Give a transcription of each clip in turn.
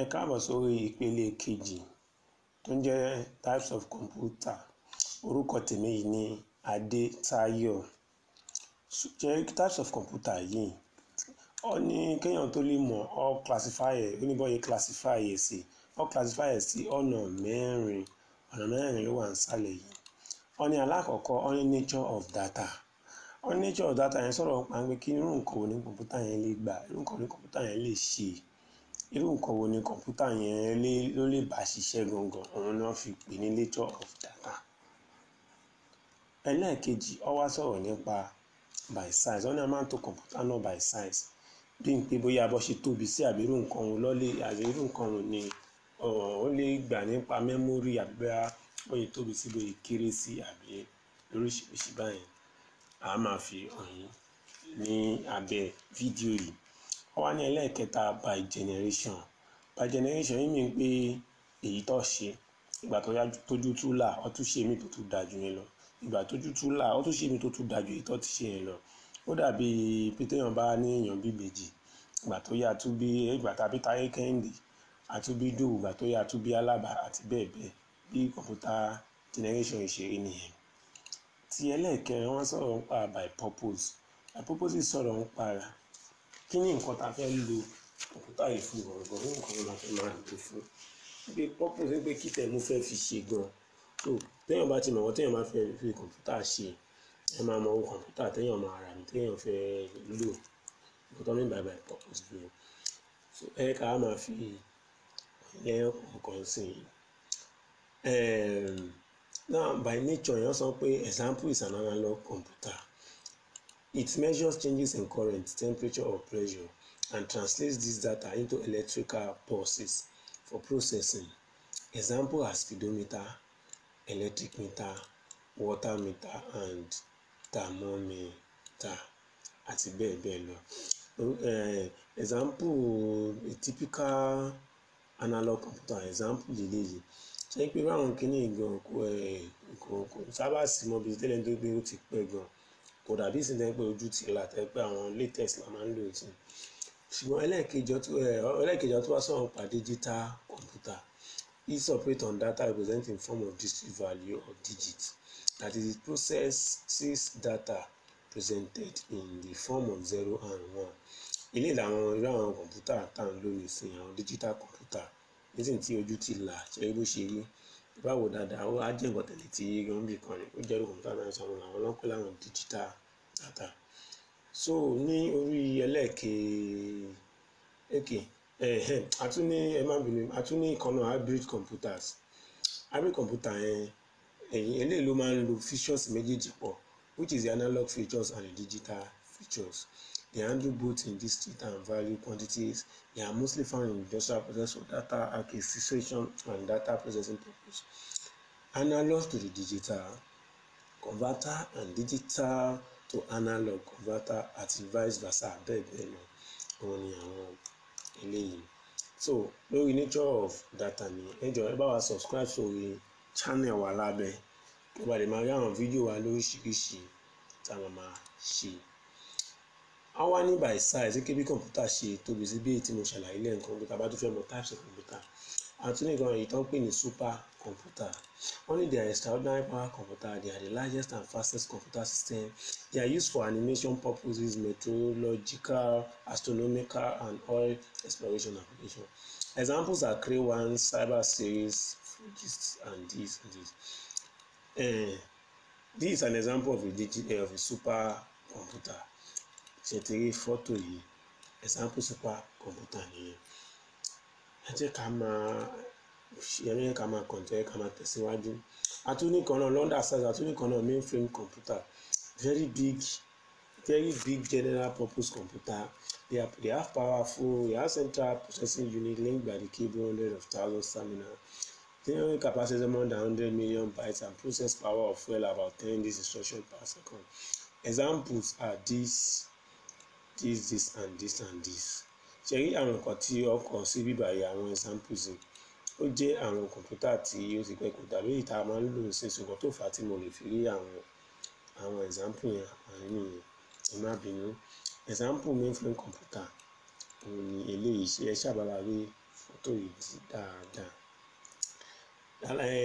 ẹ káàbọ̀ sórí ìpele kejì tó ń jẹ́ types of computer orúkọ tèmi yìí ni tayo. jẹ́ types of computer yìí ó ní kéèyàn tó lè mọ̀ ó classify ẹ̀ ó ní bọ́yẹ classify ẹ̀ sí ó classify ẹ̀ sí ọ̀nà mẹ́rin ọ̀nà mẹ́rin ló wà nísàlẹ̀ yìí ó ní alákọ̀ọ́kọ́ ó ní nature of data ó ní nature of data yẹn sọ̀rọ̀ pa pé kí irú nǹkan ò ní kọ̀ǹpútà yẹn lè gbà irú nǹkan ò ní yẹn lè ṣe irú nǹkan wo ni kọ̀ǹpútà yẹn ló lè bá ṣiṣẹ́ gangan òun náà fi pè ní nature of data ẹlẹ́ẹ̀kejì ó wá sọ̀rọ̀ nípa by size wọ́n ní a máa ń to kọ̀ǹpútà náà by size bí n pé bóyá bó ṣe tóbi sí àbí irú nǹkan òun lọ́lé àbí irú nǹkan òun ni ó lè gbà nípa mẹ́mórì àbí bóyá bóyá tóbi sí bóyá kéré sí àbí lóríṣiríṣi báyẹn a máa fi hàn yín ní abẹ́ fídíò yìí wọ́n á ní ẹlẹ́ẹ̀kẹta by generation by generation yìí mi ń pé èyí tó ṣe ìgbà tó yá tójú tú là ó tún ṣe mí tó tún dáa jù yẹn lọ ìgbà tójú tú là ó tún ṣe mí tó tún dáa jù èyí tó ti ṣe yẹn lọ ó dàbí pé téèyàn bá ní èèyàn bí ìbejì ìgbà tó yá tún bí ìgbà tàbí táyé kẹ́hìndé àtúbí dòwú ìgbà tó yá tún bí alábà àti bẹ́ẹ̀ bẹ́ẹ̀ bí kọ̀ǹpútà generation ìṣeré nìyẹn ti ẹlẹ́ẹ̀kẹrin wọ́n sọ̀rọ̀ nípa by purpose by purpose sọ̀rọ̀ nípa kí ni nǹkan tá a fẹ́ lo òkúta yìí fún gbọ̀ngàn ní nǹkan la fẹ́ máa lò fún pé pọ́pù sí pé kí tẹ̀ mo fẹ́ fi ṣe gan tó téèyàn bá ti mọ̀ wọ́n téèyàn bá fẹ́ fi kọ̀ǹpútà ṣe ẹ máa mọ ohun kọ̀ǹpútà téèyàn máa rà ní téèyàn fẹ́ lò nǹkan tó ní bàbá ẹ̀ pọ́pù sí ni ẹ ká máa fi lẹ́yìn kọ̀ọ̀kan sí i now by nature yẹn sọ pé example is an analog computer It measures changes in current, temperature or pressure and translates this data into electrical pulses for processing. Example are speedometer, electric meter, water meter and thermometer àti bẹ́ẹ̀ bẹ́ẹ̀ lọ. Eh, example a typical analog computer example lélẹ́yìí ṣé pé báwọn kìíní gan eh, kò sábà sí mọ́ bí tẹ́lẹ̀ ń tó gbé ó ti pẹ́ gan-an kò dàbí ìsìn tẹ́ pé ojú ti là tẹ́ pé àwọn latest la máa ń lò sí ṣùgbọ́n ẹlẹ́ẹ̀kejọ tó bá sọ̀rọ̀ pa digital computer is operate on data represented in form of digital value or digit that is it processes data presented in the form of zero and one ilé làwọn irú àwọn kọ̀ǹpútà tá à ń lò nísìnyí àwọn digital computer nísìnyí tí ojú ti là ṣe é bó ṣe rí báwo dáadáa ó á jẹ́ nǹkan tẹ̀lé tí gọ́ńbì kan ni ó jẹ́ ìròyìn tá a náà sọ̀rọ̀ ọlọ́pẹ́ láwọn digital data so ní orí ẹlẹ́ẹ̀kẹ́ èkè ẹ̀hẹ́n a tún ní ẹ má bínú a tún ní ìkànnà hybrid computers hybrid computer yẹn ẹ̀yìn eléyìí ló máa ń lo features méjèèjì pọ̀ which is the analog features and the digital features They handle both indistinct and value quantities. They are mostly found in industrial process for data acquisition and data processing purpose. Analog to the digital converter and digital to analog converter at vice versa bẹ́ẹ̀ bẹ́ẹ̀ lọ òun ni àwọn eléyìí. So lórí nature of data ni ẹ jọ̀ọ́ ẹ bá wa subscribe sórí channel wa lábẹ́ kí ó máa rí àwọn fídíò wa lóríṣiríṣi tá a máa ṣe a wá ní by size kí bí kọ̀ǹpútà ṣe tóbi sí bí èyí tí mo ṣàlàyé lẹ́yìn kọ̀ǹpútà bá tún fẹ́ mọ types of kọ̀ǹpútà àtúnyẹ kan èyí tó ń pè ní super computer Only ní they are extraordinary power computer they are the largest and fastest computer system they are used for animation purposes meteorological astronomical and oil exploration applications. examples are cray one cyber series fujis and this and this uh, eh, this is an example of a digi eh, of a super computer ṣe ti rí fọ́tò yìí example super computer nìyẹn ẹ jẹ́ ká máa ẹ jẹ́ ká máa kọ̀ǹtẹ́ ká máa tẹ̀síwájú atúnìkan náà london size atúnìkan náà mainframe computer very big very big general purpose computer they, are, they have powerful they have central processing unit linked by the cable hundred of thousands terminal Theory capacity more than hundred million bytes and process power of well about 10 disk instructions per second. Examples are these this this and this and this ṣe rí àwọn nǹkan tí ó kọ sí bíbáyé àwọn examples yìí ó jẹ́ àwọn kọ̀ǹpútà tí ó ti pẹ́ kò tàbí ìta máa ń lò sí ṣùgbọ́n tó fà á tí mo lè fi rí àwọn àwọn example yẹn àpárí nìyẹn ẹ má bínú example mainframe computer òun ni eléyìí ṣe ẹ ṣàbára rí fọ́tò yìí dáadáa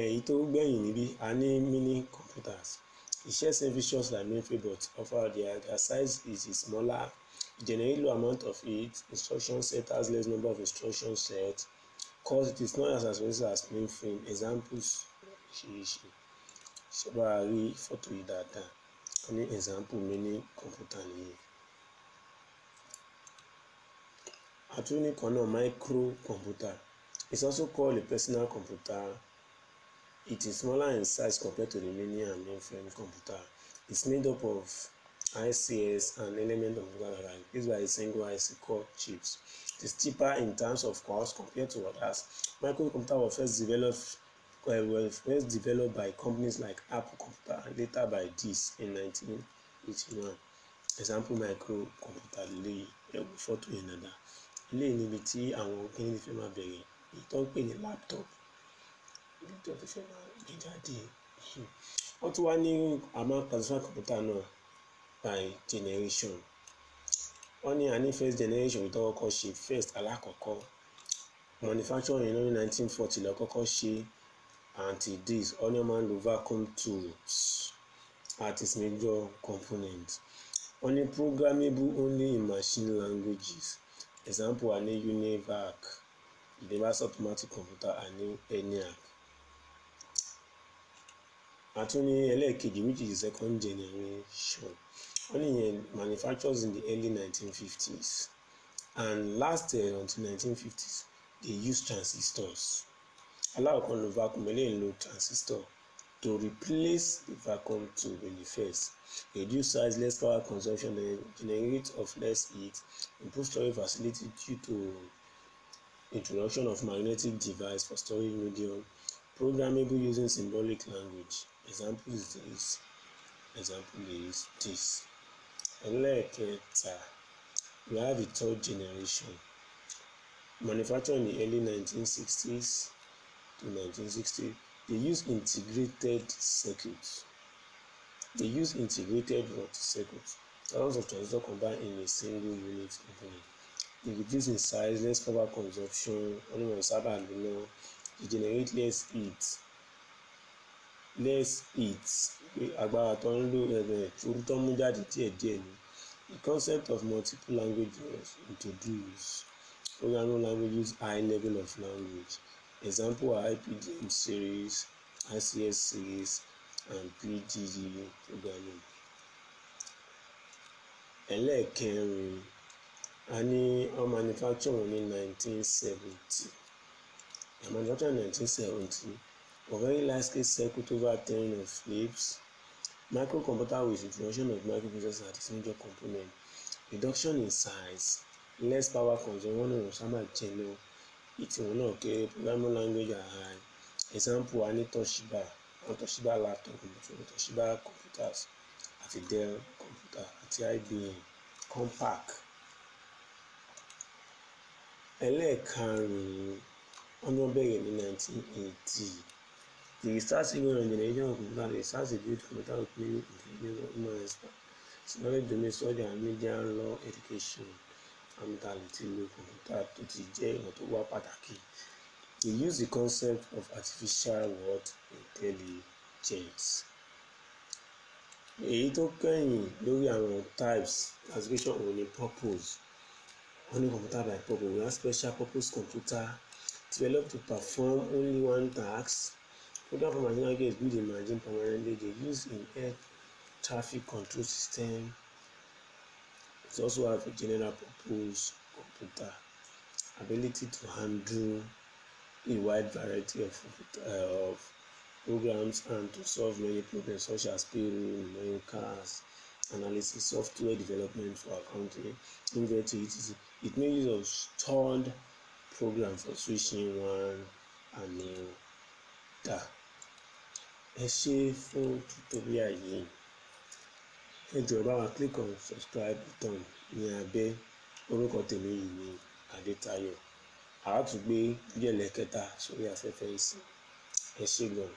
èyí tó gbẹ̀yìn níbí a ní mini computers it shares features like mainframe but offer their their size is smaller generate low amount of it instruction set has less number of instruction set cause it is not as expensive as mainframe examples ṣeéṣe ṣọba rí fọ́tò yìí dáadáa wọ́n ní example mi ní kọ̀ǹpútà nìyí àtúnyí kan náà micro computer is also called a personal computer it is smaller in size compared to the mini and mainframe computer it's made up of ICS an element of global rank is by a single IC core chips. It is cheaper in terms of cost compared to others. Microcomputer was first developed well, first developed by companies like Apple Computer, and later by this in 1981. Example microcomputer lè ẹ̀wù fọ́tò yẹn dáadáa. Ilé níbi tí àwọn kíni fẹ́ máa bẹ̀rẹ̀ èyí pè ní laptop. Ilé tó fẹ́ máa gbé jáde. Wọ́n tún wá ní àmọ́ personal computer náà by generation wọ́n ní a ní first generation tó kọ́kọ́ ṣe first alákọ̀ọ́kọ́ manufacturing lórí nineteen forty ló kọ́kọ́ ṣe anti dis wọ́n man wọ́n máa ń lo vacuum tools at its major component wọ́n ní programmable only in machine languages example a ní univac universal automatic computer a ní eniac àtún ní ẹlẹ́ẹ̀kejì which is second generation wọ́n nìyẹn manufactures in the early 1950s and last uh, until 1950s they used transistors aláwọ̀kan lo vacuum eléyìí ń lo transistor to replace the vacuum tube in the first reduce size less power consumption and generate of less heat improve storage facility due to introduction of magnetic device for storing medium programmable using symbolic language example is this example is this ẹlẹ́ẹ̀kẹta we have the third generation manufactured in the early 1960s to 1960 they use integrated circuits they use integrated what circuits thousands of transistors combined in a single unit component they reduce in size less power consumption only when the server alone they generate less heat less heat pé agbára tó ń lò ẹ̀rẹ̀ eh, eh, orí tó ń mú jáde díẹ̀díẹ̀ ni the concept of multiple languages introduced programming languages high level of language example are IPDM series ICS series and PGE programming. ẹlẹ́ẹ̀kẹrin a ní wọ́n manufacture wọn ní nineteen seventy manufacture nineteen seventy A very likely circuit-over ten of flaps, microcomputer with introduction of microprocessors are the major component, reduction in size, less power consumption, one of sama general, ìtì náà kéré programming language are high, example a ní Toshiba, àwọn Toshiba laptop àwọn Toshiba computers àti Dell computer àti IBM Compaq. ẹlẹ́ẹ̀karùn-ún wọ́n bẹ̀rẹ̀ ní nineteen eighty. The research even on generation of computer and research is built computer with many including human experts knowledge domain study and media law education and mentality lo computer tó ti jẹ́ ìmọ̀ tó wá use the concept of artificial world intelligence. Èyí tó kẹ́yìn lórí àwọn types classification òun ni purpose. Wọ́n computer by purpose we have special purpose computer developed to perform only one task Other from in Nigeria build and maintain permanently they use in air traffic control system it also have a general purpose computer ability to handle a wide variety of, uh, of programs and to solve many problems such as payroll, manual cars, analysis, software development for accounting. country, etc. It may use of stored program for switching one and new data. ẹ ṣe fún tutorial yìí ẹ jọ̀ọ́ bá wa click on subscribe button ní abẹ́ orúkọ tèmi yìí ní Adétayọ̀ àátúgbé jẹ̀lẹ̀ kẹta sórí afẹ́fẹ́ ìsìn ẹ ṣe gan-an.